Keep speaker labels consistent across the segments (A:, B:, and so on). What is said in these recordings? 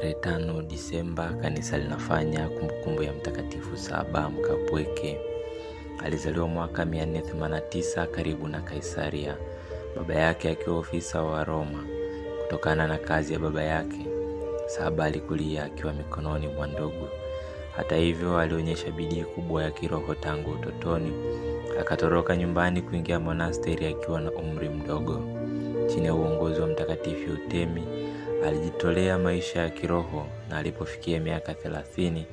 A: Tarehe tano Disemba kanisa linafanya kumbukumbu kumbu ya Mtakatifu Saba Mkapweke. Alizaliwa mwaka 489 karibu na Kaisaria, baba yake akiwa ofisa wa Roma. Kutokana na kazi ya baba yake, Saba alikulia akiwa mikononi mwa ndugu. Hata hivyo, alionyesha bidii kubwa ya kiroho tangu utotoni. Akatoroka nyumbani kuingia monasteri akiwa na umri mdogo chini ya uongozi wa Mtakatifu Utemi Alijitolea maisha ya kiroho na alipofikia miaka thelathini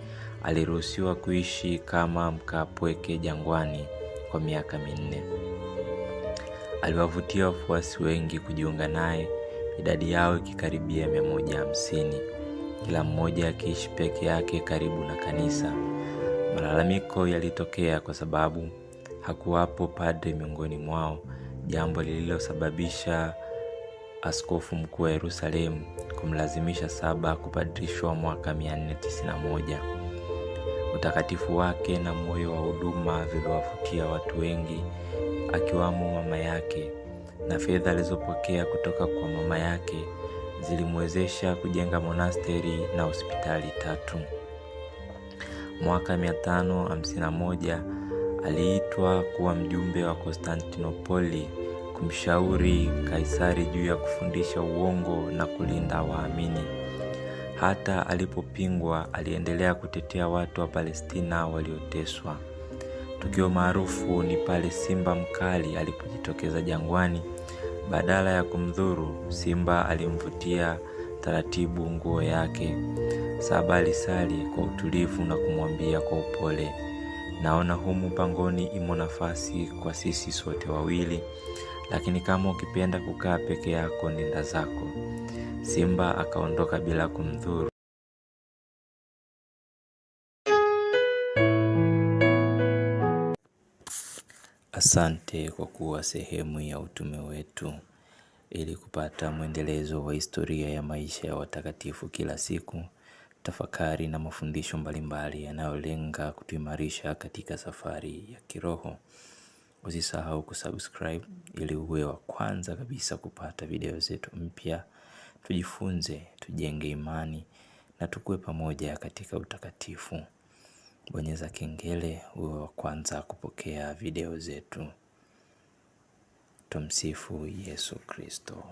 A: aliruhusiwa kuishi kama mkapweke jangwani kwa miaka minne. Aliwavutia wafuasi wengi kujiunga naye, idadi yao ikikaribia mia moja hamsini, kila mmoja akiishi peke yake karibu na kanisa. Malalamiko yalitokea kwa sababu hakuwapo padre miongoni mwao, jambo lililosababisha askofu mkuu wa Yerusalemu kumlazimisha Saba kupadrishwa mwaka 491. Utakatifu wake na moyo wa huduma viliwafutia watu wengi, akiwamo mama yake, na fedha alizopokea kutoka kwa mama yake zilimwezesha kujenga monasteri na hospitali tatu. Mwaka 551 aliitwa kuwa mjumbe wa Konstantinopoli kumshauri Kaisari juu ya kufundisha uongo na kulinda waamini. Hata alipopingwa, aliendelea kutetea watu wa Palestina walioteswa. Tukio maarufu ni pale simba mkali alipojitokeza jangwani. Badala ya kumdhuru, simba alimvutia taratibu nguo yake. Saba alisali kwa utulivu na kumwambia kwa upole Naona humu pangoni imo nafasi kwa sisi sote wawili, lakini kama ukipenda kukaa peke yako ninda zako. Simba akaondoka bila kumdhuru. Asante kwa kuwa sehemu ya utume wetu. Ili kupata mwendelezo wa historia ya maisha ya watakatifu kila siku tafakari na mafundisho mbalimbali yanayolenga kutuimarisha katika safari ya kiroho. Usisahau kusubscribe ili uwe wa kwanza kabisa kupata video zetu mpya. Tujifunze, tujenge imani na tukue pamoja katika utakatifu. Bonyeza kengele uwe wa kwanza kupokea video zetu. Tumsifu Yesu Kristo.